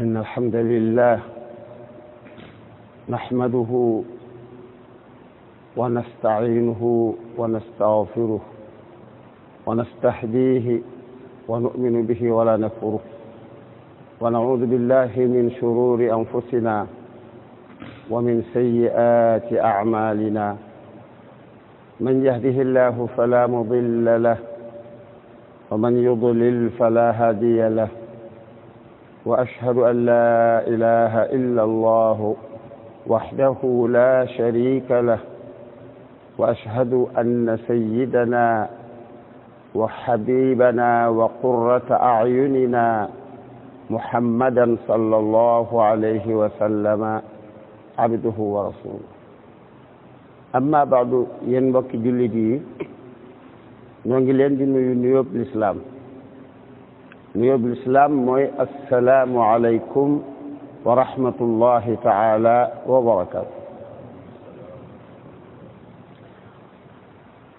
إن الحمد لله نحمده ونستعينه ونستغفره ونستهديه ونؤمن به ولا نكفره ونعوذ بالله من شرور أنفسنا ومن سيئات أعمالنا من يهده الله فلا مضل له ومن يضلل فلا هادي له واشهد ان لا اله الا الله وحده لا شريك له واشهد ان سيدنا وحبيبنا وقره اعيننا محمدا صلى الله عليه وسلم عبده ورسوله اما بعد ينبكي جلدي jullit yi ñoo ngi الإسلام نيو بالاسلام موي السلام عليكم ورحمه الله تعالى وبركاته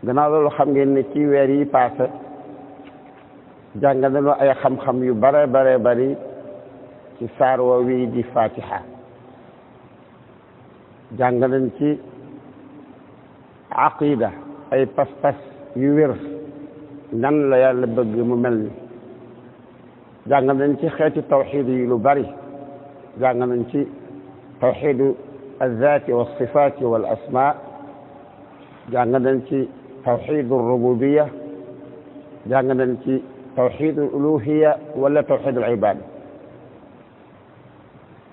غناو لو خام نين تي وير باس جانغ نلو اي خام خام يو بار بار باري تي سار ووي دي فاتحه جانغ نين تي عقيده اي باس باس يو وير نان لا يالا بيغ مو ملني jàng nañ ci xeeti tawxid yi lu bari jàng nañ ci tawxidu alzati walsifati wal asma jàng nañ ci tawxidu rububiya jàng nañ ci tawxidu uluhiya wala tawxidu alibada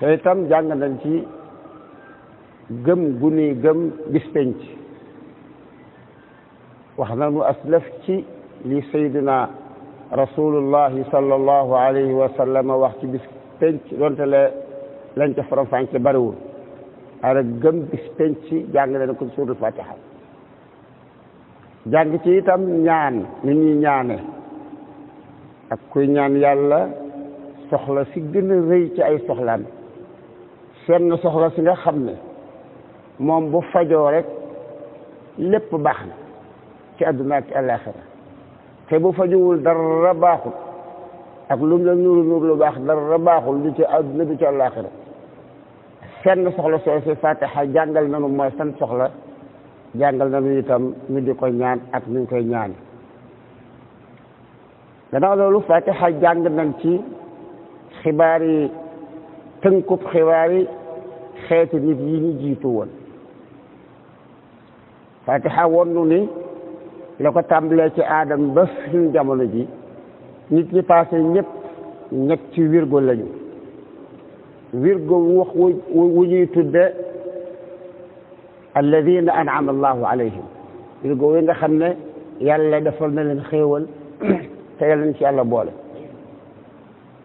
te itam jàng nañ ci gëm gu ni gëm bis penc wax nañu aslaf ci li sayduna rasulullahi sallallahu alayhi wa sallam wax ci bis penc donte le lañ ca faram bariwul ara gëm bis penc jàng leen ko suratul fatiha jàng ci itam ñaan ni ñuy ñaane ak kuy ñaan yàlla soxla si gën a rëy ci ay soxlaam seen na soxla si nga xam ne moom bu fajoo rek lépp baax na ci àdduna ak àllaaxira te bu fajuwul dara baaxul ak lu la nuuru nuur lu baax dara baaxul du ci àdduna bi ci àllaaxira seen soxla soo si fatiha jàngal nanu mooy seen soxla jàngal nanu itam ñu di ko ñaan ak ñu koy ñaan gannaaw loolu fatiha jàng nañ ci xibaar yi tënkub xibaar yi xeeti nit yi ñu jiitu woon fatiha wonnu ni la ko tàmbalee ci aadam ba suñu jamono ji nit ñi paase ñëpp nekk ci wirgo lañu wirgo wax wu ñuy tudde alladina an'ama allahu alayhim wirgo wi nga xam ne yàlla defal na leen xéewal te yàlla ci yàlla boole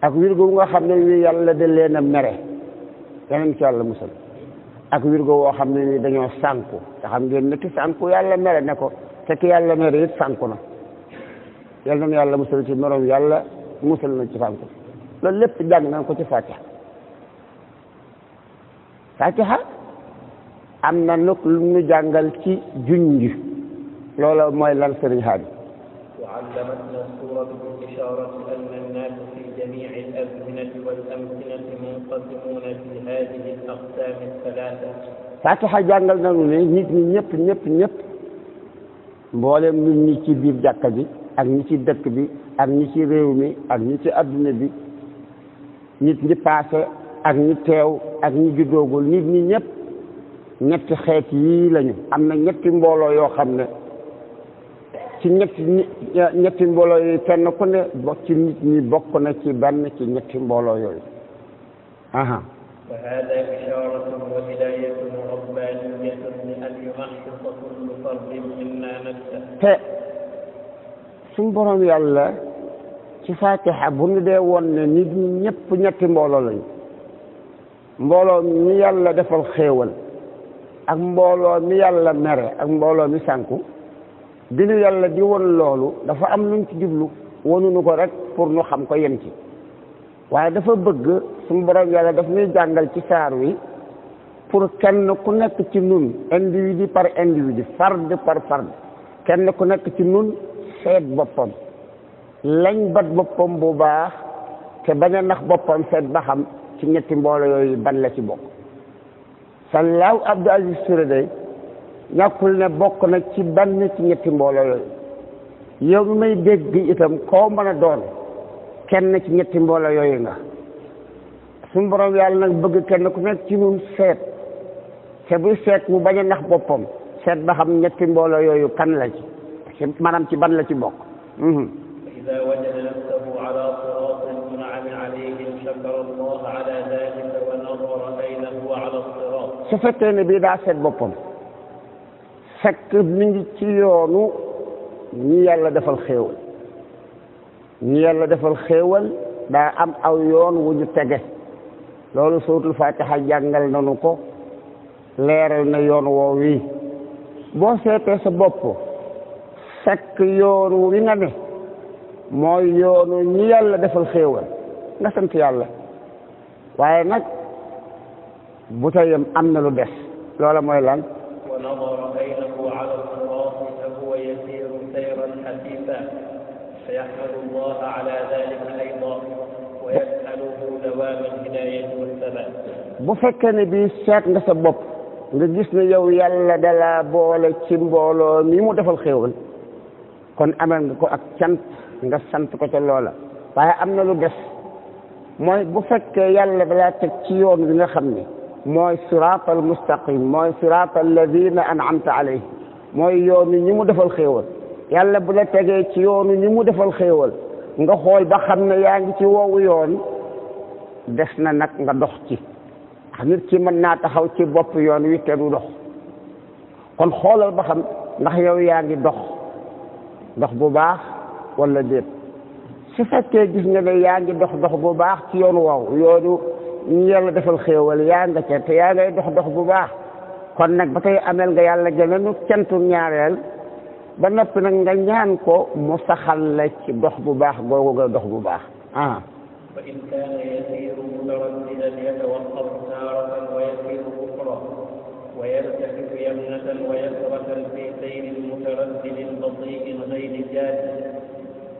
ak wirgo wu nga xam ne wi yàlla da leen a mere yàlla ci yàlla musal ak wirgo woo xam ne wi dañoo sànku te xam ngeen ne ki sànku yàlla mere ne ko te ki yàlla mere it sànku na yal nañu yàlla musal ci moroom yàlla musal na ci sànku loolu lépp jàng nañ ko ci fatiha fatiha am na nag lu ñu jàngal ci junj loola mooy lan sëriñ xaabi وعلمتنا الصورة بالإشارة أن الناس في جميع الأزمنة والأمكنة منقسمون في هذه الأقسام الثلاثة. Fatiha jàngal nañu ne nit ñi ñëpp ñëpp ñëpp mboolem ñun ñi ci biir jàkka ji ak ñi ci dëkk bi ak ñi ci réew mi ak ñi ci adduna bi nit ñi paase ak ñi teew ak ñi juddoogul nit ñi ñëpp ñetti xeet yii lañu am na ñetti mbooloo yoo xam ne ci ñetti mbooloo yooyu kenn ku ne ci na ci benn ci ñetti mbooloo yooyu te suñ borom yàlla ci fatiha bu ñu dee woon ne nit ñi ñëpp ñetti mbooloo lañu mbooloo mi yàlla defal xéewal ak mbooloo mi yàlla mere ak mbooloo mi sànku bi ñu yàlla di won loolu dafa am luñ ci jublu wonuñu ko rek pour ñu xam ko yem ci waaye dafa bëgg suñu borom yàlla daf ñuy jàngal ci saar wi pour kenn ku nekk ci nun individu par individu fard par fard kenn ku nekk ci nun seet boppam lañ bat boppam bu baax te bañ a nax boppam seet ba xam ci ñetti mboolo yooyu ban la ci bokk Sallaw Abdou Aziz Touré day ñàkkul ne bokk na ci benn ci ñetti mboolo yooyu yow mi may dégg itam koo mën a doon kenn ci ñetti mboolo yooyu nga suñu borom yàlla nag bëgg kenn ku nekk ci nun seet te seet mu bañ a nax boppam seet ba xam ñetti mbooloo yooyu kan la ci ci ci ban la ci bokk mhm. ida wajada nafsahu ala siratin mun'amin alayhim shakara allah ala su fekkee ne bii daa seet boppam fekk mi ngi ci yoonu ñi yàlla defal xéewal ñi yàlla defal xéewal daa am aw yoon wu ñu tege loolu suratul fatiha jàngal nanu ko leeral na yoon woow wi boo seetee sa bopp fekk yoonu wi nga ne mooy yoonu ñi yàlla defal xéewal nga sant yàlla waaye nag bu tayam am na lu des loola mooy lan bu fekkee ne bii seet nga sa bopp nga gis ne yow yàlla dalaa boole ci mbooloo mi mu defal xéewal kon amal nga ko ak cant nga sant ko ca loola waaye am na lu des mooy bu fekkee yàlla dalaa teg ci yoon wi nga xam ne mooy siraat al mustaqim mooy siraat alladina anamta alayhi mooy yoonu ñi mu defal xéewal yàlla bu la tegee ci yoonu ñi mu defal xéewal nga xool ba xam ne yaa ngi ci woowu yoon des na nag nga dox ci nit ki mën naa taxaw ci bopp yoon wi te dox kon xoolal ba xam ndax yow yaa ngi dox dox bu baax walla déet su fekkee gis nga ne yaa ngi dox dox bu baax ci yoon waaw yoonu ñu yàlla defal xéewal yaa nga ca te yaa ngay dox dox bu baax kon nag ba tey amel nga yàlla gënenu cantu ñaareel ba noppi nag nga ñaan ko mu saxal la ci dox bu baax googu nga dox bu baax ah. ويلتفت يمنة ويسرة في سير متردد بطيء غير جاد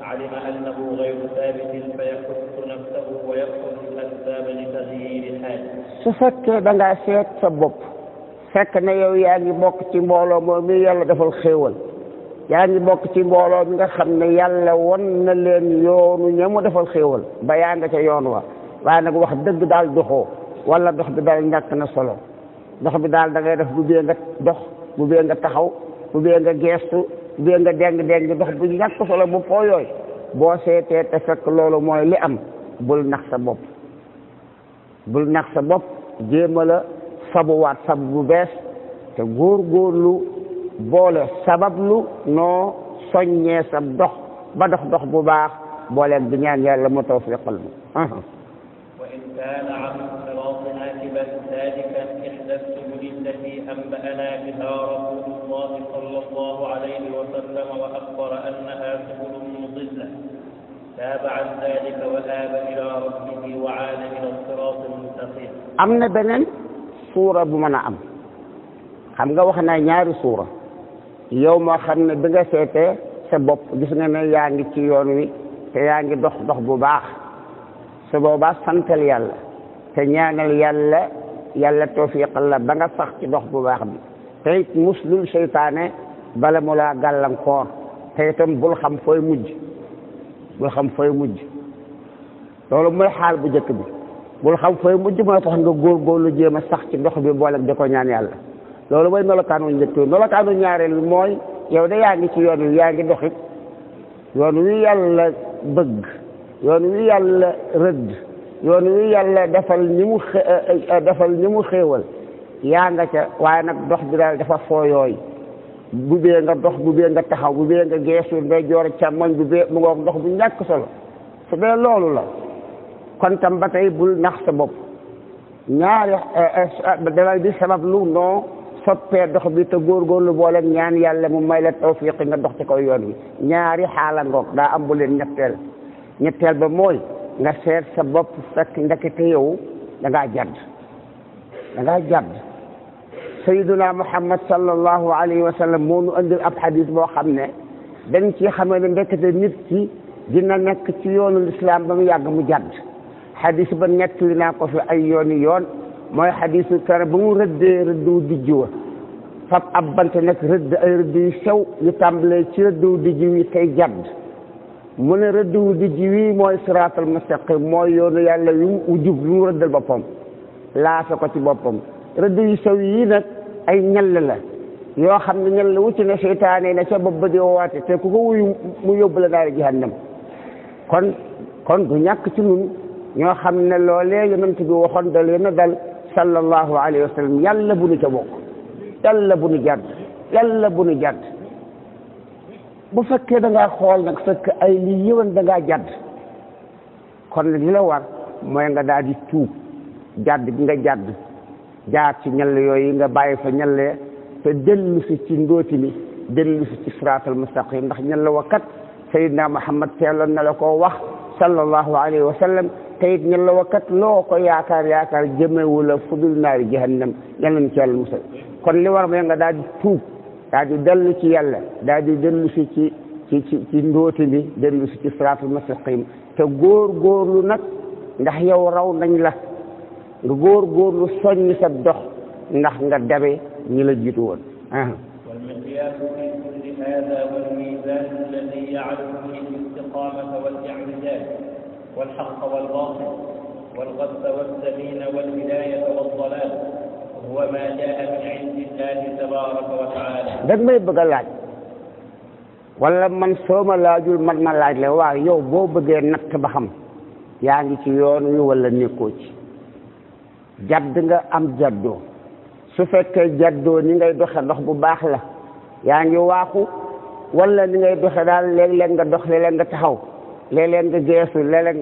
علم أنه غير ثابت فيكف نفسه ويأخذ الأسباب لتغيير الحال su fekkee da ngaa seet sa bopp fekk na yow yaa ngi bokk ci mbooloo moom mi yàlla defal xéewal yaa ngi bokk ci mbooloo mi nga xam ne yàlla won na leen yoonu ña mu defal xéewal ba yaa nga ca yoon wa waaye nag wax dëgg daal doxoo wala dox bi daal ñàkk na solo dox bi daal da ngay def bu bee nga dox bu bee nga taxaw bu bee nga geestu bu bee nga deng-deng dox bu ñàkk solo bu foo yooyu boo seetee te fekk loolu mooy li am bul nax sa bopp bul nax sa bopp jéema la sabuwaat sab bu bees te góor góorlu boole sabablu noo soññee sa dox ba dox dox bu baax booleeg bi ñaan yàlla moo mu tawfiqal mu جاءنا بها رسول الله صلى الله عليه وسلم وأخبر أنها سبل مضلة تاب عن ذلك وآب إلى ربه وعاد إلى الصراط المستقيم am na beneen suura bu mën a am xam nga wax naa ñaari suura yow moo xam ne bi nga seetee sa bopp gis nga ne yaa ngi ci yoon wi te yaa ngi dox dox bu baax su boobaa santal yàlla te ñaanal yàlla yàlla toofiqal la ba nga sax ci dox bu baax bi te it muslul seytaane bala mu laa gàllankoor te itam bul xam fooy mujj bul xam fooy mujj loolu mooy xaal bu njëkk bi bul xam fooy mujj mooy tax nga góorgóorlu jéem a sax ci dox bi boole di ko ñaan yàlla loolu mooy melokaanu njëkk bi melokaanu ñaareel mooy yow de yaa ngi ci yoon wi yaa ngi doxit yoon wi yàlla bëgg yoon wi yàlla rëdd yoon wi yàlla defal ñi eh, eh, eh, mu xéewal yaa nga ca waaye nag dox bi daal dafa fooyooy bu bee nga dox bu bee nga taxaw bu bee nga geesu nday joor càmmoñ bu bee mu ngoog dox bu ñàkk solo su loolu la kon tam ba tey bul nax sa bopp ñaari bi sabab lu noo soppee dox bi te lu boole ñaan yàlla mu may la tawfiq nga dox ci kaw yoon wi ñaari xaala ngoog daa am bu leen ñetteel ñetteel ba mooy nga seet sa bopp fekk ndekete yow da ngaa jadd da ngaa jadd sayiduna muhammad sallallahu alayhi wa sallam moo nu andil ab xadis boo xam ne dañ ci xamee ne ndekete nit ki dina nekk ci yoonu lislaam ba mu yàgg mu jadd xadis ba nettali naa ko fi ay yooni yoon mooy xadisu kere ba mu rëddee rëdduwu dijj wa fab ab bant nag rëdd ay rëdd yu sew yu tàmbalee ci rëdduwu dijj wi tey jadd mun ne rëdd wu di ji wii mooy siraatal mustaqim mooy yoonu yàlla wi mu jub lu mu rëddal boppam laasa ko ci boppam rëdd yu saw yii nag ay ñall la yoo xam ne ñall wu ci ne seytaane ne ca bopp ba di woowaate te ku ko wuyu mu yóbbu la naari jahannam kon kon du ñàkk ci nun ñoo xam ne loolee yonent bi waxoon da leen a dal sallallahu alayhi wa sallam yàlla bu nu ca bokk yàlla bu nu jàdd yàlla bu nu jàdd bu fekkee da xool nag fekk ay li yëwan da ngaa jàdd kon li la war mooy nga daal di tuub jàdd bi nga jàdd jaar ci ñall yooyu nga bàyyi fa ñale te dellu si ci ndóoti mi dellu si ci siraatal mustaqim ndax ñalla wa kat sayidna muhammad teeloon na la ko wax sallallahu alayhi wa sallam te it kat loo ko yaakaar yaakaar jëmewu la fudul naari jahannam yal nañ ci yàlla musal kon li war mooy nga daal di tuub daa di dellu ci yàlla daa di dellu si ci ci ci ci ndóoti bi dellu si ci siraatul mustaqim te góor góorlu nag ndax yow raw nañ la nga góor góorlu soññ sa dox ndax nga dabe ñi la jiitu woon والمقياس في كل هذا والميزان الذي يعرف فيه الاستقامة والاعتدال والحق والباطل والغث والسمين والهداية والضلال wa ma bëgg a laaj wala man soo ma laajul man ma laaj la waaw yow boo bëggee natt ba xam yaa ngi ci yoon wi walla nekkoo ci jadd nga am jaddoo su fekkee jaddoo ni ngay doxe dox bu baax la yaa ngi waaxu wala ni ngay doxe daal léeg-léeg nga dox léeg-léeg nga taxaw léeg-léeg nga geesu léeg-léeg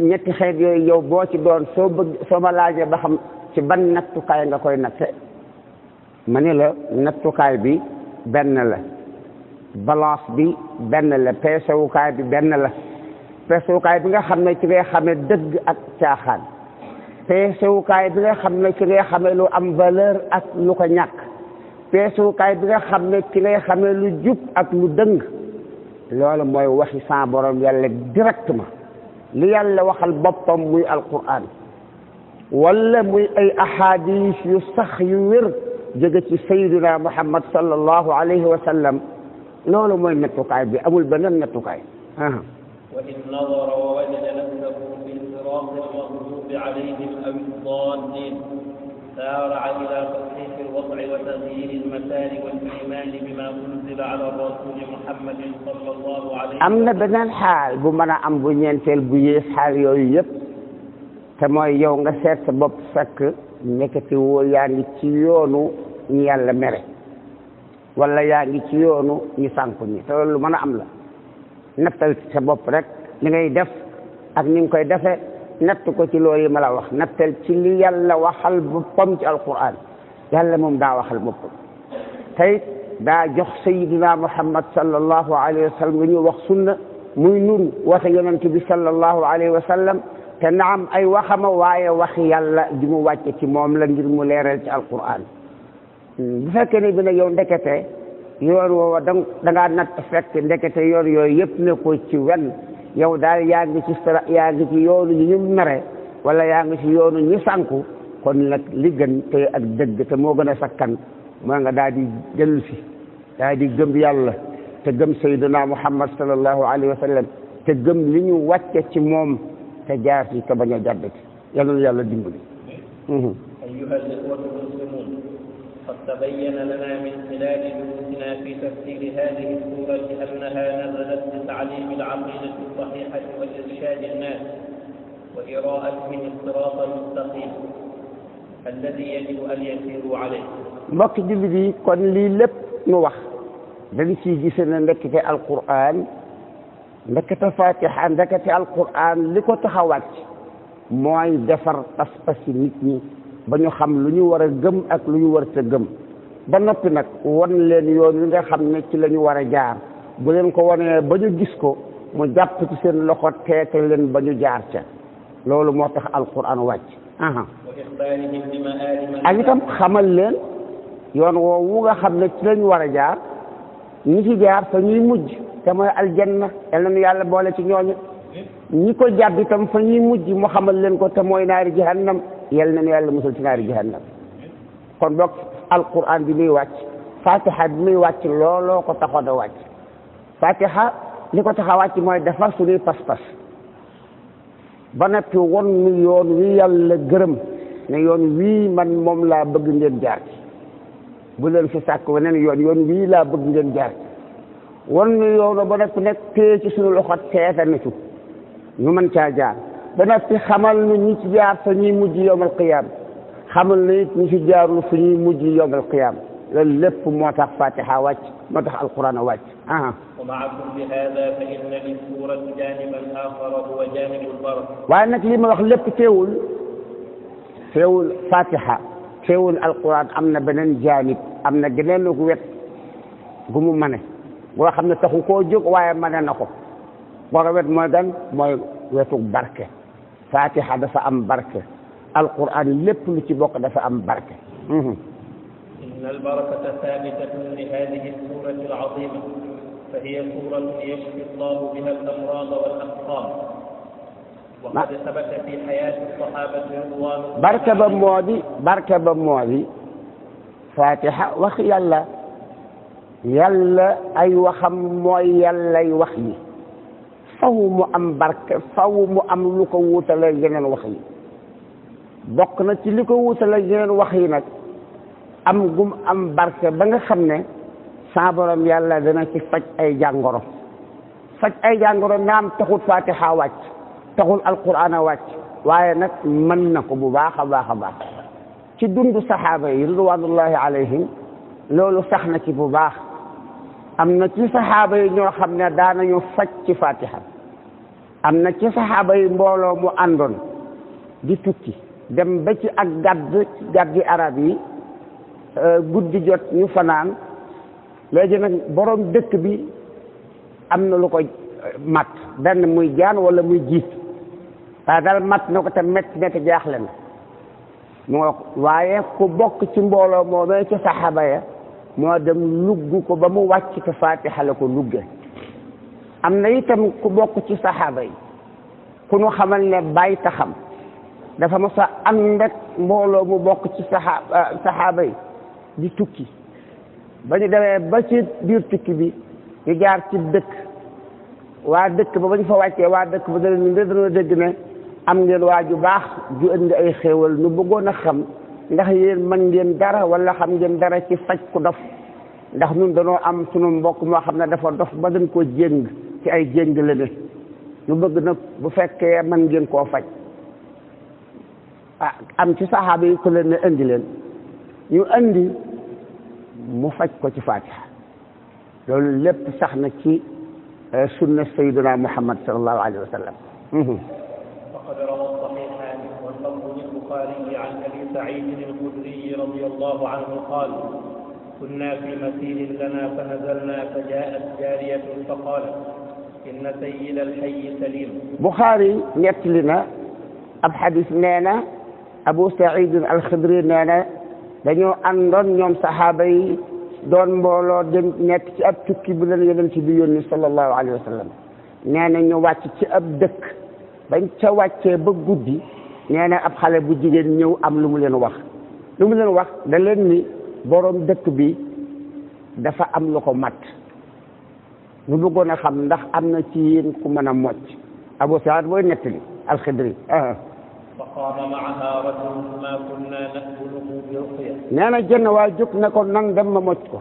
ñetti xeet yooyu yow boo ci doon soo bëgg soo ma laajee ba xam ci ban nattukaay nga koy natte ma ni la nattukaay bi benn la balance bi benn la peesewukaay bi benn la peesewukaay bi nga xam ne ci ngay xamee dëgg ak caaxaan peesewukaay bi nga xam ne ci ngay xamee lu am valeur ak lu ko ñàkk peesewukaay bi nga xam ne ci ngay xamee lu jub ak lu dëng loolu mooy waxi sa borom yàlla directement li yàlla waxal boppam muy alquran ولا muy اي احاديث يستخير جيجي سيدنا محمد صلى الله عليه وسلم لولو alayhi نتوكاي بي loolu mooy نتوكاي ها amul وإن نظر ووجد نفسه في صراط المغضوب عليهم أو الضالين سارع إلى تصحيح الوضع وتغيير المسار والإيمان بما أنزل على الرسول محمد صلى الله عليه وسلم أمنا بنان حال بمنا أم بنيان بويس حال يب te mooy yow nga seet sa bopp fekk nekkati woo yaa ngi ci yoonu ñu yàlla mere wala yaa ngi ci yoonu ñu sànku ñi te loolu mën a am la nattal ci sa bopp rek li ngay def ak ni nga koy defee natt ko ci loolu yi ma la wax nattal ci li yàlla waxal boppam ci alquran yàlla moom daa waxal boppam tey daa jox sayidina muhammad sallallahu alayhi wa sallam lu ñuy wax sunna muy nuru wata yonent bi sallallahu alayhi wa sallam te naam ay waxama waaye wax yàlla ji mu wàcce ci moom la ngir mu leeral ci alquran hmm, bu fekkee ne bi nag yow ndekete yoon woowa da dangaa natt fekk ndekete yoon yooyu yëpp ne ko ci wen yow daal yaa ngi ci sra yaa ngi ci yoonu ñu ñu mere wala yaa ngi ci yoonu nu sànku kon nag li gën te ak moo gën a sakkan moo nga daal di dellu si daal di gëm yàlla te gëm sayyidina muhammad sallallahu alayhi wa sallam te gëm li ñu wàcce ci moom تجافي تبني ci يلا يلا a أيها الإخوة المسلمون قد تبين لنا من خلال دروسنا في تفسير هذه السورة أنها نزلت لتعليم العقيدة الصحيحة وإرشاد الناس وإراءتهم الصراط المستقيم الذي يجب أن يسيروا عليه mbokk julli لي kon lii lépp nu wax dañ ciy القرآن ndekete fatiha ndekete alquran li ko tax a wàcc mooy defar pas-pasi nit ñi ba ñu xam lu ñu war a gëm ak lu ñu war a gëm ba noppi nag won leen yoon wi nga xam ne ci lañu war a jaar bu leen ko wanee ba ñu gis ko mu jàpp seen loxo teete leen ba ñu jaar ca loolu moo tax alquran wàcc ak itam xamal leen yoon woowu nga xam ne ci la war a jaar ñi jaar te ñuy mujj te mooy aljanna yal nañu yàlla boole ci ñooñu ñi ko jàpp itam fa ñuy mujj mu xamal leen ko te mooy naari jahannam yal nañu yàlla musal ci naari jahannam kon boog alquran bi muy wàcc fatiha bi muy wàcc looloo ko taxoon a wàcc fatiha li ko tax a wàcc mooy defar suñuy pas-pas ba noppi won nu yoon wi yàlla gërëm ne yoon wii man moom laa bëgg ngeen jaar ci bu leen fi sàkk weneen yoon yoon wii laa bëgg ngeen jaar ci wonnoyoɗo bona ko nekk peeci suñu loxo teetanu ci ñu mën caa jaar ba noppi xamal nu ñi ci jaar fa ñuy mujj yowmal qiyaam xamal nu it ñi ci jaarul fu ñuy mujj yowmal qiyaam loolu lépp moo tax fatiha wàcc moo tax alquran wàcc ah ومع كل هذا فإن للسورة جانبا آخر هو جانب البركة وأنا كلمة وخلفت تيول تيول فاتحة تيول القرآن أمنا بنن جانب أمنا جنن ويت قمو منه boo xam ne taxu koo jóg waaye mën na ko wara wet mooy gan mooy wetu barke fatiha dafa am barke alquran lépp lu ci bokk dafa am barke إن البركة ثابتة لهذه السورة العظيمة فهي سورة يشفي الله بها الأمراض والأسقام وقد ثبت في حياة الصحابة رضوان بركة بمودي بركة بمودي فاتحة وخي الله yàlla ay waxam mooy yàllay wax yi faw mu am barke faw mu am lu ko wuutale yeneen wax yi bokk na ci li ko wuutale wax yi nag am gum am barke ba nga xam ne borom yàlla dana ci faj ay jàngoro faj ay jàngoro naam taxul fatiha wàcc taxul alquran a wàcc waaye nag mën na ko bu baax a baax a baax ci dundu saxaaba yi ridwanullahi alayhim loolu sax ci bu baax am na ci saxaaba yi ñoo xam ne daanañu faj ci fatiha am na ci saxaaba yi mbooloo mu àndoon di tukki dem ba ci ak gàdd gàddi arab yi euh, guddi jot ñu fanaan léegi nag borom dëkk bi am na lu ko euh, mat benn muy jaan wala muy jiit waaye daal mat na ko te métti na te jaaxle na mu waaye ku bokk ci mbooloo moomee ci saxaaba ya moo dem lugg ko ba mu wàcc ko fatiha la ko lugge am na itam ku bokk ci saxaaba yi ku nu xamal ne bàyyi taxam dafa mos a am ak mbooloo mu bokk ci ah, saxaaba yi di tukki ba ñu demee ba ci biir tukki bi ñu jaar ci dëkk waa dëkk ba ba ñu fa wàccee waa dëkk ba da leen ñu dañoo dégg ne am ngeen waa ju baax ju indi ay xéewal nu bëggoon a xam ndax yéen man ngeen dara wala xam ngeen dara ci faj ku dof ndax ñun dañoo am sunu mbokk moo xam ne dafa dof ba dañ koo jéng ci ay jéng la ne ñu bëgg nag bu fekkee mën ngeen koo faj ah ci saxaaba yi ku indi leen ñu indi mu faj ko ci faatiha loolu lépp sax na ci eh, sunna sayyidina muhammad sallallahu alayhi wa sallam mm-hmm. سعيد الخدري رضي الله عنه قال كنا في مسير لنا فنزلنا فجاءت جارية فقالت إن سيد الحي سليم بخاري يتلنا ab xadis nee na abu saidin alxidri nee na dañoo àndoon ñoom saxaaba yi doon mbooloo dem nekk ci ab tukki bu leen yonent bi yónni sallallahu alayhi wa sallam nee na ñu wàcc ci ab dëkk bañ ca wàccee ba guddi nee na ab xale bu jigéen ñëw am lu mu leen wax lu mu leen wax da leen ni borom dëkk bi dafa am lu ko mat ñu buggoon a xam ndax am na ci yéen ku mën a mocc Abu Saad booy nettali alxidri ah. na jënn waa jóg ne ko mocc ko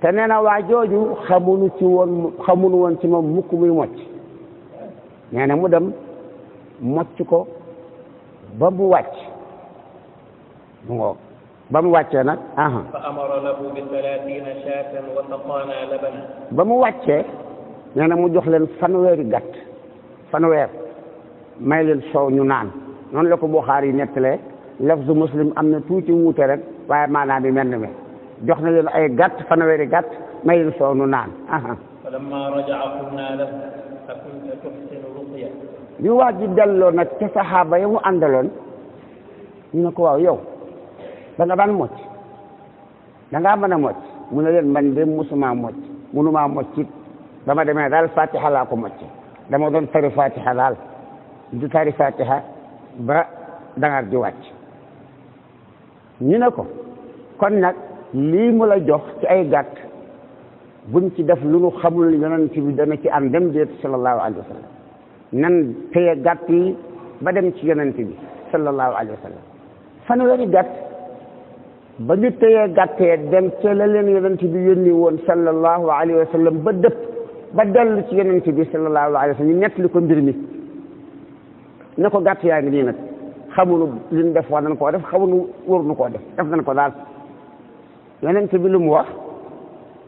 te nee na waa jooju xamunu ci woon xamunu woon ci moom mukk muy mocc nee na mu dem mocc ko ba mu wàcc mu ngoog ba mu wàccee nag aha fa amara lahu bi talatina shaatan wa saqaana laban ba mu wàccee nee na mu jox leen fanweeri gàtt fanweer may leen soow ñu naan noonu la ko Buxaari nettalee lafzu muslim am na tuuti wuute rek waaye maanaam bi mel ni jox na leen ay gàtt fanweeri gàtt may leen soow ñu naan aha falamma rajaa qulna lahu akunta tuhsinu ruqya bi waa ji delloo nag ca saxaaba ya mu àndaloon ñu ne ko waaw yow da nga daan mocc da ngaa mën a mocc mu ne leen man de musuma mocc munumaa mocc it dama demee daal fatiha laa ko mocc dama doon tari fatiha daal ba dangar di wàcc ñu ne ko kon nag lii mu la jox ci ay gàtt buñ ci def lu nu xamul yonent bi dana ci am dem déet sallallahu alayhi wa nan téye gàtt ba dem ci yonent bi sallallahu alayhi wa sallam fanweeri gàtt ba ñu téye gàttee dem ca la leen yonent bi yónni woon sallallahu alayhi wa sallam ba dëpp ba dellu ci yonent bi sallallahu alayhi wa sallam ñu nettali ko mbir mi ne ko gàtt yaa ngi nii nag xamuñu li ñu def war nañ koo def xamuñu waruñu koo def def nañ ko daal yonent bi lu mu wax.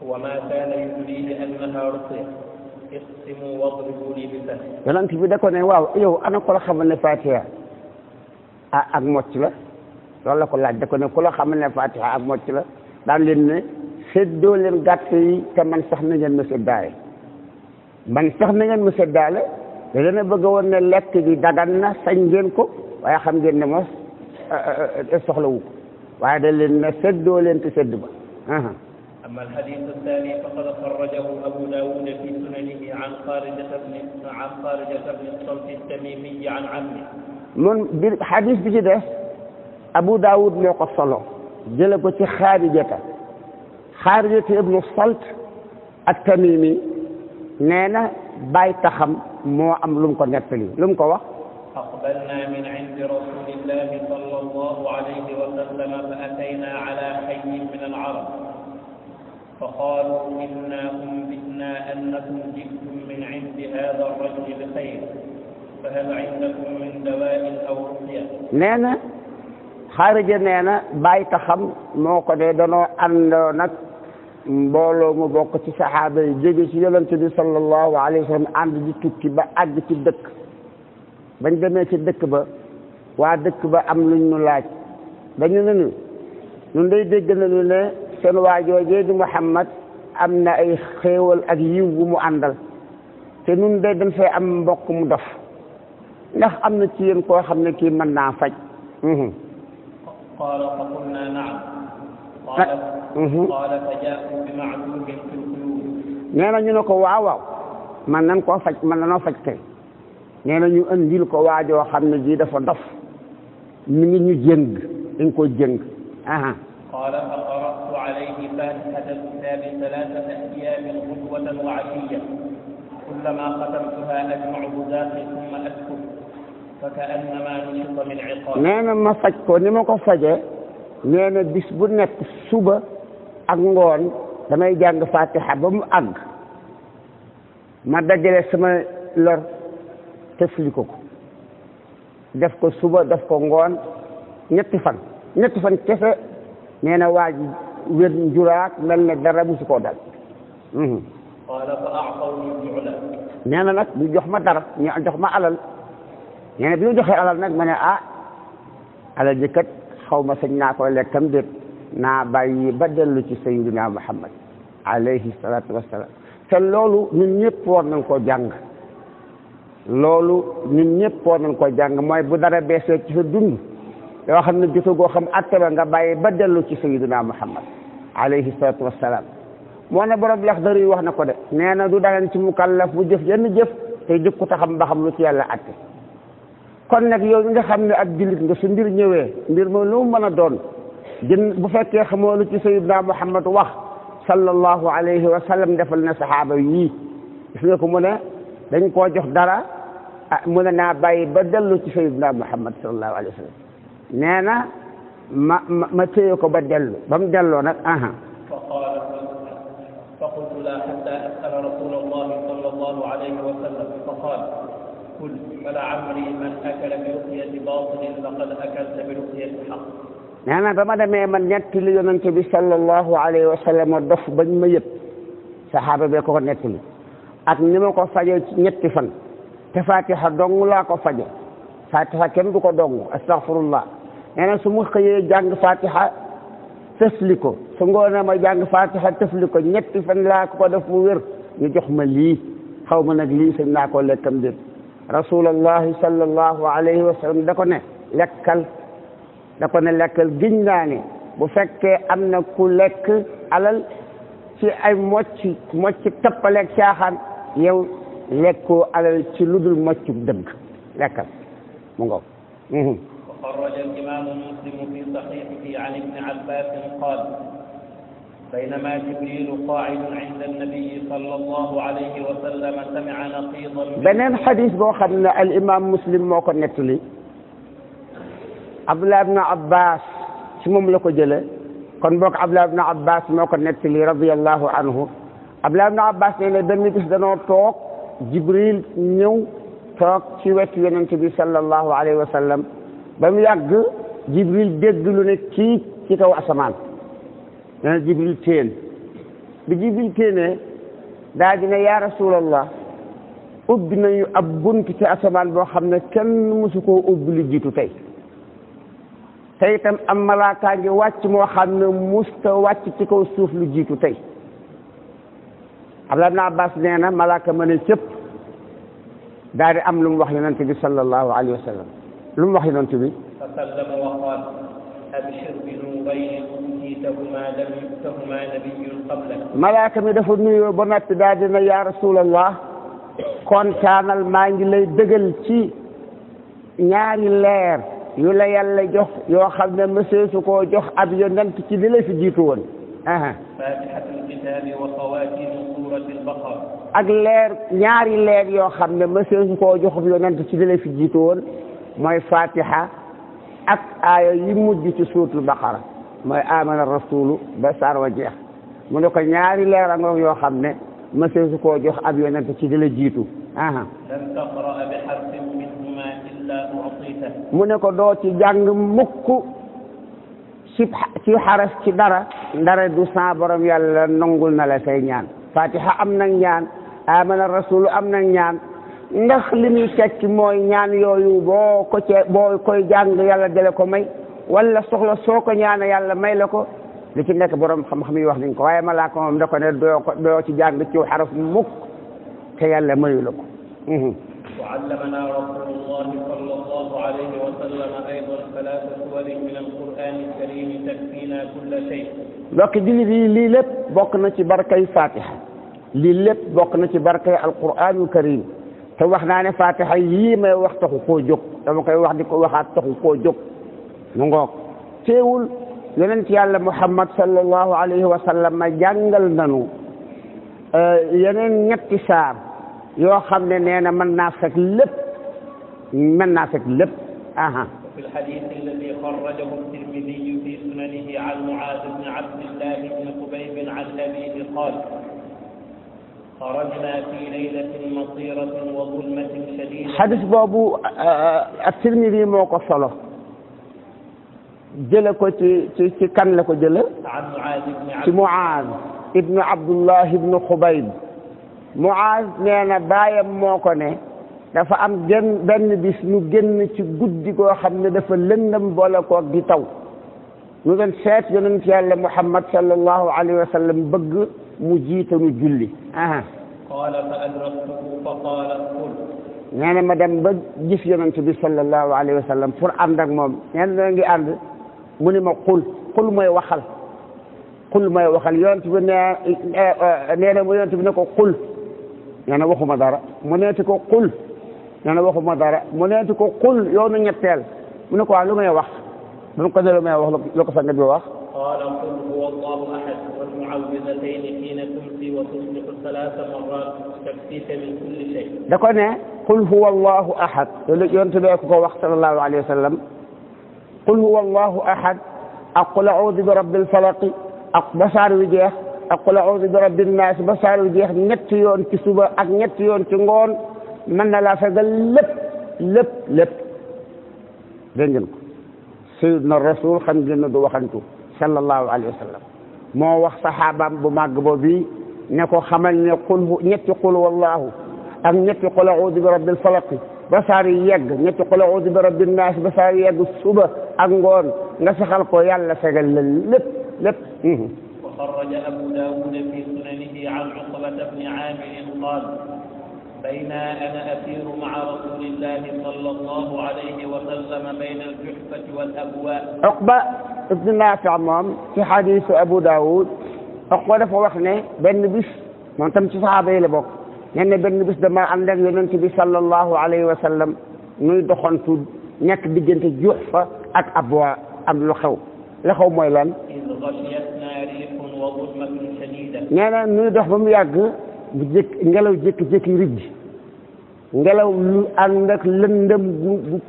wa ma kaana yudriihi annahaa rusiyat iqsimu bi sax da ko ne waaw yow ana ko la xamal ne fatiha ah ak mocc la loolu la ko laaj da ko ne ku la xamal ne fatiha ak la daan leen ne séddoo leen gàtt yi te man sax na ngeen ma séddaale man sax na ngeen ma séddaale te dana bëgg woon ne lekk gi dagan na sañ ngeen ko waaye xam ngeen ne mos eh, eh, eh, soxlawu ko waaye da leen ne séddoo leen te sédd ba أما الحديث الثاني فقد خرجه أبو داود في سننه عن خارجة بن عن خارجة بن الصلت التميمي عن عمه من حديث بجده أبو داود موقع الصلاة جلبت خارجة خارجة ابن الصلت التميمي نانا بيت bàyyi مو أم am lu mu أقبلنا من فقالوا إنا أنبئنا أنكم جئتم من عند هذا الرجل بخير فهل عندكم من دواء أو رقية nee na xaarija nee na bàyyi taxam moo ko dee danoo àndoo nag mbooloo mu bokk ci saxaaba yi jóge ci yonent bi sallallahu alayhi wa sallam ànd di tukki ba àgg ci dëkk bañ demee ci dëkk ba waa dëkk ba am luñ ñu laaj dañu ne ñu ñun day dégg nañu ne seen waajoojee di Muhammad am na ay xéewal ak yiw bu mu àndal te nun day dañ fay am mbokk mu dof ndax am na ci koo xam ne kii man naa faj qaala fa qulna mhm. bi maadudin fi nee na ñu ne ko waaw waaw man nan koo faj man nanoo faj kay nee na ñu andil ko waajoo xam na jii dafa dof mi ngi ñu jëng dañ ko jëng قبل أن أتى الكتاب ثلاثة أيام غدوة وعشية كلما ختمتها أجمع غزاتي ثم أسكت فكأنما نشط من عقاب نعم ما فجكو نعم نعم بس بنت السبا أنغون لما يجي عند فاتحة بم أغ ما دجل اسم لر تسلكو دفكو سبا دفكو أنغون نتفن نتفن كيف نعم واجي wér njuraak mel ne dara si koo dal mhm. qaala fa a'tawni ju'la nee na nag ñu jox ma dara ñu jox ma alal nee na bi ñu joxee alal nag ma ne ah alal ji kat xaw ma sañ naa koy naa bàyyi ba dellu ci sayyidina Muhammad alayhi salaatu wassalaam te loolu ñun ñëpp war nañ koo jàng loolu ñun ñëpp war nañ koo jàng mooy bu dara beesee ci sa dund yoo xam ne goo xam atte ba nga bàyyi ba dellu ci sayyidina Muhammad عليه الصلاه والسلام وانا برب الاخضر وحنا كو نانا دو دالن سي مكلف بو جيف ين جيف تي ديكو تخم با خم لو يالا اتي كون نك يو نغا خم ني اك جليت نغا سو ندير نيوي ندير مو لو مانا دون جن بو فكي خمولو سي سيدنا محمد واخ صلى الله عليه وسلم دفلنا صحابه يي فيكم مو dañ ko jox dara mu ne naa bàyyi ba dellu ci sayidna muhammad sal allahu alayhi wa sallam nee na ma ma ma téye ko ba dellu ba mu delloo nag aha فقلت لا حتى أسأل رسول الله صلى الله عليه وسلم فقال كل فلعمري من أكل برقية باطل فقد أكلت برقية حق nee na ba ma demee man nettali yonent bi sallallahu alayhi wa sallam dof bañ ma yëpp saxaaba bee ko ko nettali ak ni ma ko fajee ci ñetti fan te fatiha dong laa ko faje fatiha kenn du ko dong astaghfirullah nee su ma xëyee jàng fatiha tëfli ko su ngoonee ma jàng fatiha tëfli ko ñetti fan laa ko def mu wér ñu jox ma lii xaw ma nag lii sañ naa koo lekkam déet rasulallahi sallallahu alayhi wa sallam da ko ne lekkal da ko ne lekkal giñ naane bu fekkee am na ku lekk alal ci ay mocc mocc tappaleeg caaxaan yow lekkoo alal ci lu dul moccu dëgg lekkal mu ngoog mhm. خرج الإمام مسلم في صحيحه عن ابن عباس قال بينما جبريل قاعد عند النبي صلى الله عليه وسلم سمع نقيضا بن الحديث بوخدنا الإمام مسلم موقع نتلي عبد الله بن عباس اسمه ملك جلي كون بوك عبد الله بن عباس موقع نتلي رضي الله عنه عبد الله بن عباس نينا بني بس دانو توق جبريل نيو توق تي ويت يونس صلى الله عليه وسلم ba mu yàgg jibril dégg lu ne kii ci kaw asamaan dana jibril téen bi jibril téenee daa dina yaa rasulallah ubbi nañu ab bunt ci asamaan boo xam ne kenn mësu koo ubbi lu jiitu tey tey itam am malaakaa ngi wàcc moo xam ne musta wàcc ci kaw suuf lu jiitu tey Abdullah ibn Abbas nee na malaaka ma ne cëpp daa di am lu mu wax yonente bi sallallahu alayhi wa لم وحي لون تبي فسلم وقال أبشر بذنوبين أوتيتهما لم يؤتهما نبي قبلك ملاك مي دفو نيو بنات دادنا يا رسول الله kontaanal maa ngi lay dëgal ci ñaari leer yu la yàlla jox yoo xam ne mësee su koo jox ab yonent ci li la fi jiitu woon ak leer ñaari leer yoo xam ne mësee su koo jox ab yonent ci li la fi jiitu woon mooy fatiha ak aaya yi mujj ci suutul baqara mooy amana rasulu ba saar wa jeex mu ne ko ñaari leera ngoog yoo xam ne mësee su koo jox ab yonent ci di la jiitu aha lan taqra bi harfin minhuma illa u'tita mu ne ko doo ci jàng mukk ci ci xaras ci dara ndare du san borom yàlla nangul na la say ñaan fatiha am na ñaan amana rasulu am na ñaan ndax li muy tekki mooy ñaan yooyu boo ko cee boo koy jàng yàlla dale ko may wala soxla soo ko ñaan yàlla may la ko li ci nekk borom xam-xam yi wax nañ ko waaye malaaka moom da ko ne doo ko ci jàng ci xaraf mukk te yàlla mayu la ko وعلمنا رسول الله صلى الله عليه وسلم أيضا ثلاث سور من القرآن الكريم تكفينا كل شيء mbokk lii lépp bokk na ci barkay Fatiha lii lépp bokk na ci barkay alquraanul karim te wax naa ne fatiha yii may wax taxu koo jóg dama koy wax di ko waxaat taxu koo jóg mu ngoog teewul yonent yàlla muhammad sallallahu alayhi wa sallam jàngal nanu yeneen ñetti saar yoo xam ne nee na mën naa fekk lépp mën naa fekk lépp aha في الحديث الذي خرجه الترمذي في سننه عن معاذ بن عبد الله بن قبيب عن أبيه قال خرجنا في ليلة مصيرة وظلمة شديدة حديث بابو الترمذي موقع صلاة jële ko ci ci ci kan la ko jële ci Muaaz ibnu Abdullah ibnu Xubayb Muaaz nee na baayam moo ko ne dafa am genn benn bis ñu génn ci guddi goo xam ne dafa lëndëm boole koog di taw ñu doon seet yonent yàlla Muhammad sallallahu alayhi wa sallam bëgg مجيت نجلي اها قال فادركته فقال قل نانا ما دام جيس يونس بي صلى الله عليه وسلم فور اندك موم نين نغي اند موني ما قل قل موي وخال قل موي وخال يونس بي نانا مو يونس بي نكو قل نانا واخوما دارا مونيتيكو قل nana waxu ma dara mu ne ko qul yonu ñettel mu ne ko lu may wax lu ko de lu may wax lu ko sa nga bi wax qala qul huwa allah وتسبح ثلاث قل هو الله احد يقول وقت صلى الله عليه وسلم قل هو الله احد اقول اعوذ برب الفلق اقبصار وجيه اقول اعوذ برب الناس بصار وجيه نيت يون تي سوبا اك نيت يون تي غون من لا فغل لب لب لب دنجن سيدنا الرسول خنجن دو وخنتو صلى الله عليه وسلم مو وخ صحابام بو ماغ بوبي نكو خمال نقول نيتي والله اك نيتي قول برب الفلق بصار يغ نيتي قول برب الناس بصار يغ الصبح اك غون nga saxal ko yalla وخرج أبو داود في سننه عن عقبة بن عامر قال بين أنا أسير مع رسول الله صلى الله عليه وسلم بين الجحفة والأبواء عقبة ابن نافع في حديث أبو داود Okba dafa wax ne benn bis moom tam ci saxaaba yi la bokk nee na benn bis dama ànd ak yonent bi sallallahu alayhi wa sallam nuy doxantu ñekk diggante juux fa ak abwa am lu xew la xew mooy lan nee na nuy dox ba mu yàgg bu ngelaw jékki-jékki rij ngelaw lu ànd ak lëndëm bu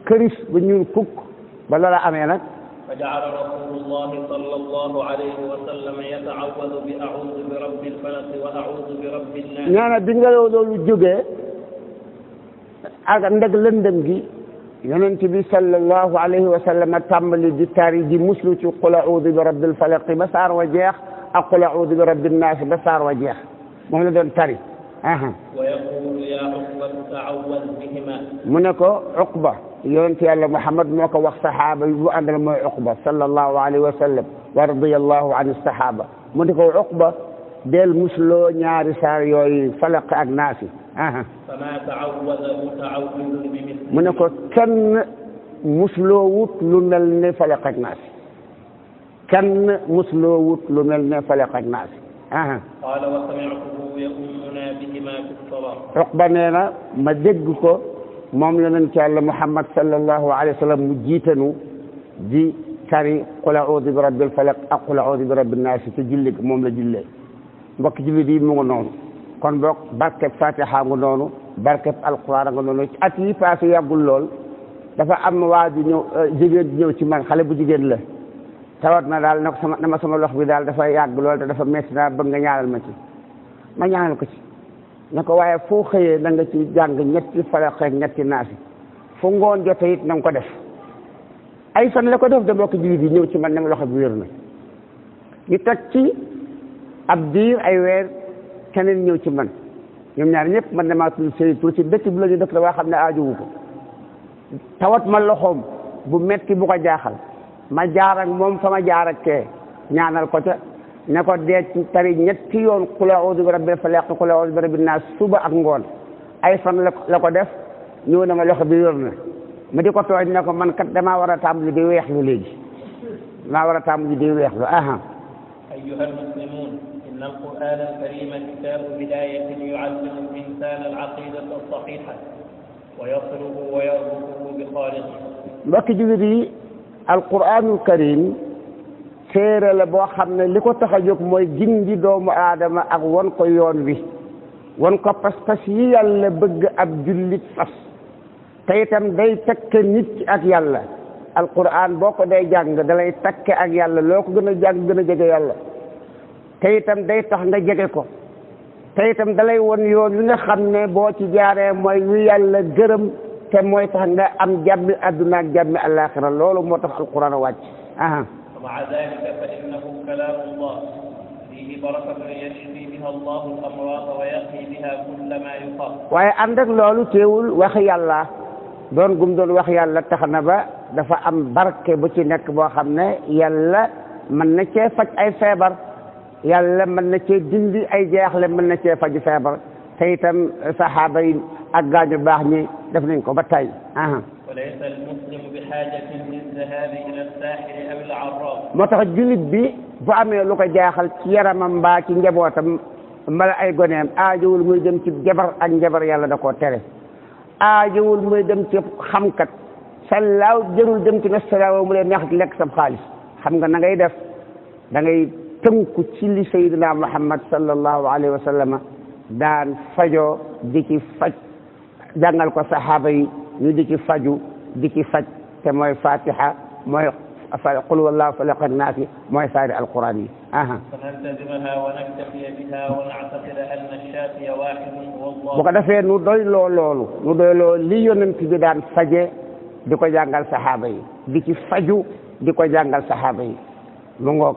ba ñuul kukk ba loola amee nag فجعل رسول الله صلى الله عليه وسلم يتعوذ بأعوذ برب الفلق وأعوذ برب الناس nee na bi nga loolu jógee ak ndeg lëndëm gi yonent bi sallallahu alayhi wa sallam tàmbali di tari di muslu ci qul a'uudu bi rabbil falaq ba saar wa jeex ak qul a'uudu bi rabbin naas ba saar wa jeex moom la doon tari. wa yaqulu yaa Uqba ta'awwaz bihimaa mu ne ko Uqba يونتي الله محمد موكا وصحابه يبو اندل موي عقبه صلى الله عليه وسلم ورضي الله عن الصحابه مونتي عقبه ديل مسلو نياري سار يوي فلق اك ناسي اها فما تعوذ متعوذ بمثل مونكو كن مسلو ووت لو ملني فلق اك ناسي كن مسلو ووت لو ملني فلق اك ناسي اها قال وسمعته يقولنا بهما في الصلاه عقبه نينا ما دغكو moom yonent yàlla muhammad sallallahu alayhi wa sallam mu jiitanu di tari qul audu bi rabbil falaq ak qul audu bi rabbin naas te julli moom la jullee mbokk jullit yi mu ngi noonu kon boog barkeb fatiha nga noonu barkeb alquran nga noonu ci at yi passé yàggul lool dafa am waa ju ñëw euh, jigéen ñëw ci man xale bu jigéen la tawat na daal na ko sama na ma sama lox bi daal dafa yàgg lool dafa metti naa bëgg nga ñaanal ma ci ma ñaanal ko ci na ko waaye foo xëyee na nga ci jàng ñetti falax ak ñetti naasi fu ngoon jotee it na nga ko def ay fan la ko def da mbokk jullit yi ñëw ci man ne loxo bi wér na ñu teg ci ab diir ay weer keneen ñëw ci man ñoom ñaar ñëpp man damaa tudd seen ci dëkk bi la ñu dëkk da waa xam ne aajowu ko tawat ma loxoom bu metti bu ko jaaxal ma jaar moom fa ma jaar ak ñaanal ko ca ne ko dee tari ñetti yoon qul a'udhu bi rabbil falaq qul a'udhu bi rabbin nas suba ak ngoon ay fan la ko def ñëw na ma loxo bi yor na ma di ko tooñ ne ko man kat damaa war a tàmbali di weexlu léegi damaa war a tàmbali di weexlu aha أيها المسلمون إن القرآن الكريم كتاب هداية يعلم الإنسان العقيدة الصحيحة ويصله ويربطه بخالقه. mbokk jullit yi, القرآن الكريم téere la boo xam ne li ko tax a jóg mooy gindi doomu aadama ak won ko yoon wi won ko pas-pas yi yàlla bëgg ak jullit fas te itam day takke nit ki ak yàlla alquran boo ko day jàng dalay takke ak yàlla loo ko gën a jàng gën a jege yàlla te itam day tax nga jege ko te itam dalay won yoon wi nga xam ne boo ci jaaree mooy wi yàlla gërëm te mooy tax nga am jàmmi àdduna ak jàmmi àllaaxira loolu moo tax alquran a wàcc ومع ذلك فإنه كلام الله فيه بركة يشفي بها الله الأمراض ويقي بها كل ما يخاف waaye ànd ak loolu teewul wax yàlla doon gum doon wax yàlla tax na ba dafa am barke bu ci nekk boo xam ne yàlla mën na cee faj ay feebar yàlla mën na cee dindi ay jeexle mën na cee faj feebar te itam saxaaba yi ak gaañu baax ñi def nañ ko ba tey حاجة من الذهاب إلى الساحر أو العراب متخ بي فأمي لك جاخل كيرا من باكي نجبوة مبلا أي آجول ميدم تب جبر أن جبر يالا دكو آجول ميدم تب خمكت سلاو جرول دم تب السلاو ومولي نخد لك سب خالص خمكا نغي دف نغي تنكو تشيلي سيدنا محمد صلى الله عليه وسلم دان فجو ديكي فج دانال كو صحابي ni di ci faju te mooy fatiha mooy fal qul wallahu falaq ak naas yi mooy saari alquran yi aha bu ko defee nu doy loo loolu nu doy loo li yonent bi daan faje di ko jàngal saxaaba yi di ci faju di ko jàngal saxaaba yi mu ngoog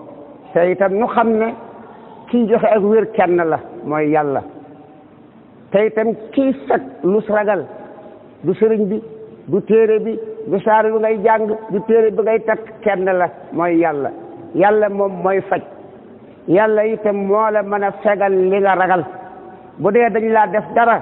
te itam nu xam ne kiy joxe ak wér kenn la mooy yàlla te itam kiy faj lu ragal du sëriñ bi du téere bi du saar bi ngay jàng du téere bi ngay takk kenn la mooy yàlla yàlla moom mooy faj yàlla itam moo la mën a fegal li nga ragal bu dee dañ laa def dara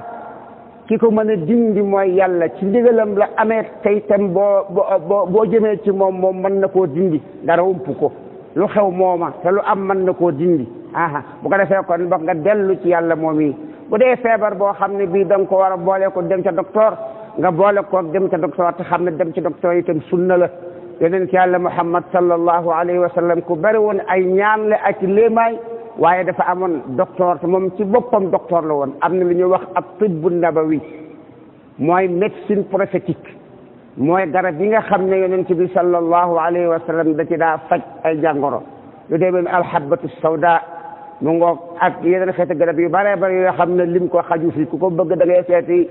ki ko mën a dindi mooy yàlla ci ndigalam la amee tey itam boo boo boo jëmee ci moom moom mën na koo dindi dara ump ko lu xew mooma te lu am mën na koo dindi aha bu ko defee ko bokk nga dellu ci yàlla moom yi bu dee feebar boo xam ne bii da nga ko war a boole ko dem ca docteur nga boole koog dem ca docteur te xam ne dem ci docteur itam sunna la ci yàlla muhammad sallallahu alayhi wa sallam ku bari woon ay ñaan la ak léemaay waaye dafa amoon docteur te moom ci boppam docteur la woon am na lu ñuy wax ab tibbu nabawi mooy médecine prophétique mooy garab yi nga xam ne ci bi sallallahu alayhi wa sallam da ci daa faj ay jàngoro lu demee alhabatu sawda mu ngoog ak yeneen xeeti garab yu bare bare yoo xam ne lim ko xaju fi ku ko bëgg da ngay seeti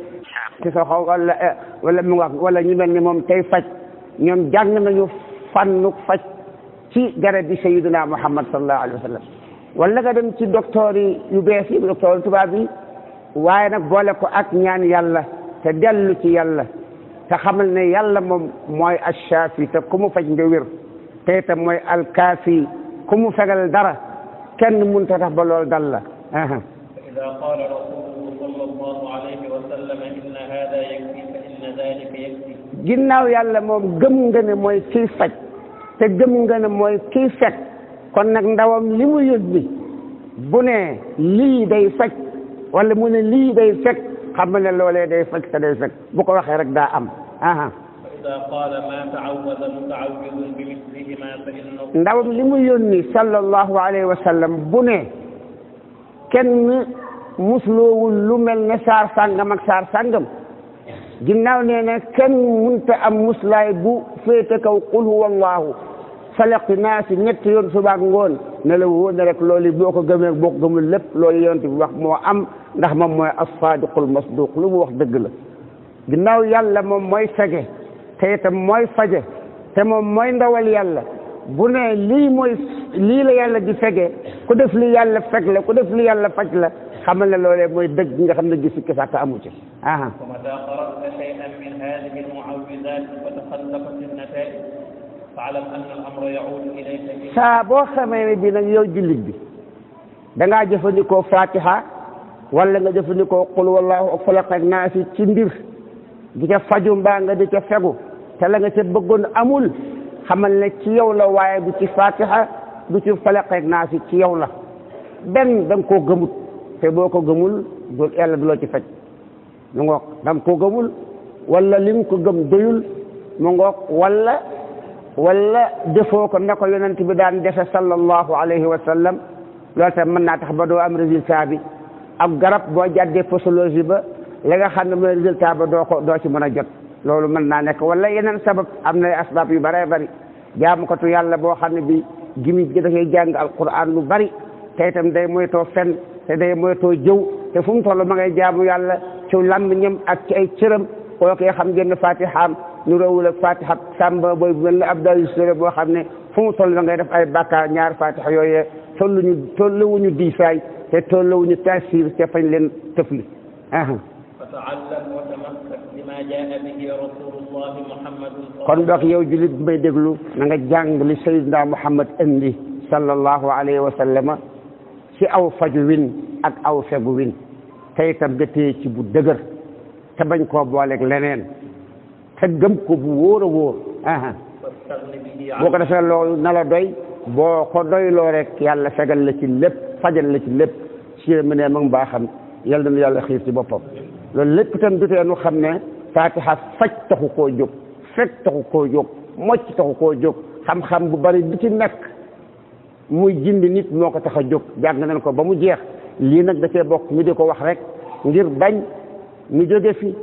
ci soxo wala wala mu wax wala ñu mel ni moom tey faj ñoom jàng nañu fànnuk faj ci garab yi sayyiduna muhammad sallallahu alayhi wa sallam dem ci docteur yi yu bees yi docteur tubaab yi waaye nag boole ko ak ñaan yàlla te dellu ci yàlla te xamal ne yàlla moom mooy ashaafi te ku mu faj nga wér te itam mooy alkaafi ku mu fegal dara kenn mënut a tax ba loolu dal la صلى الله عليه وسلم إن هذا يكفي فإن ذلك ginnaaw yàlla moom gëm nga ne mooy kiy faj te gëm ne kon nag ndawam li mu yóbbi bu ne day faj wala mu ne lii day fekk xam ne loolee day faj te day fekk bu ko waxee rek daa am aha ndawam li mu yónni sallallahu alayhi wa sallam kenn musloowul lu mel ne saar sàngam ak saar sàngam ginnaaw nee na kenn munta am muslaay bu féete kaw qul huwallaahu falaqi naa si ñetti yoon subaak ngoon ne la wóor ne rek boo ko gëmee boo ko gëmul lépp loolu yonent bi wax moo am ndax moom mooy assaadiqul masduq lu mu wax dëgg la ginnaaw yàlla moom mooy fege te mooy faje te moom mooy ndawal yàlla bu ne lii mooy lii la yàlla di fege ku def li yàlla feg la ku def li yàlla faj la xamal na loolee mooy dëgg nga xam ne gisu ki sàkk amu ci aha wa mata qara'ta shay'an jëfandikoo fatiha jëfandikoo qul wallahu ci mbir di ca faju mbaa nga ne ci yow la waaye du ci fatiha du ci falaq ak naas ci yow la benn da koo gëmut te boo ko gëmul du yàlla du la ci faj mu ngoog dam ko gëmul wala li nga ko gëm doyul mu ngoog wala wala defoo ko na ko yonent bi daan defe sallallahu alayhi wa sallam loolu tam mën naa tax ba doo am résultat bi am garab boo jàddee posologie ba la nga xam ne mooy résultat ba doo ko doo ci mën a jot loolu mën naa nekk wala yeneen sabab am na asbab yu bëree bëri jaamukatu yàlla boo xam ne bi gimi gi dafay jàng alquran lu bari te itam day moytoo fen te day moytoo jëw te fu mu toll ma ngay jaamu yàlla ci làmmiñam ak ci ay cëram kookee xam ngeen ne fatihaam ñu rawul ak fatiha booy bu mel ne ab dayu boo xam ne fu mu toll ma ngay def ay bàkkaar ñaar fatiha yooyee tolluñu tolluwuñu diisaay te tolluwuñu tasir te fañ leen tëfli kon donc yow julit bi may déglu na nga jàng li sayyidina Muhammad indi sallallahu alayhi wa sallama ci aw faju win ak aw fegu win te itam nga téye ci bu dëgër te bañ koo booleeg leneen te gëm ko bu wóor a wóor boo ko defee loolu na la doy boo ko doy loo yàlla fegal la ci lépp fajal la ci lépp ci mu ne ma mbaa xam yàlla na yàlla xiir ci boppam loolu lépp itam dutee nu xam ne faatiha faj taxu koo jóg fekk taxu koo jóg mocc taxu koo jóg xam-xam bu bari du ci nekk muy gindi nit moo ko tax a jóg jàng nañ ko ba mu jeex lii nag da cee bokk ñu di ko wax rek ngir bañ ñu jóge fi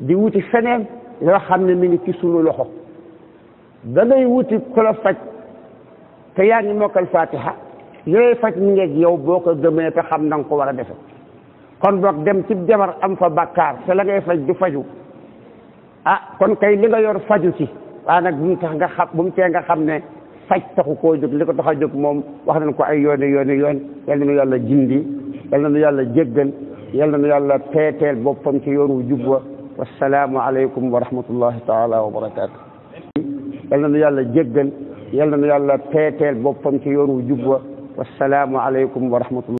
di wuti feneen yoo xam ne mi ngi ci sunu loxo da wuti ku faj te yaa ngi mokkal fatiha yooyu faj mi ngeeg yow boo ko gëmee te xam na ko war a defe kon boog dem ci jabar am fa bakkaar te la ngay faj du faju ah kon kay li nga yor faju si waaye nag bu mu bu mu tee nga xam ne faj taxu koo jóg li ko tax a jóg moom wax nañ ko ay yoone yoone yoon yal na nu yàlla jindi yal na nu yàlla jéggal yal na nu yàlla teeteel boppam ci yoon wu jub wa wasalaamu aleykum wa rahmatullahi taala wa barakaatu yal na nu yàlla jéggal yal na nu yàlla teeteel boppam ci yoon wu jub wa wasalaamu aleykum wa rahmatullah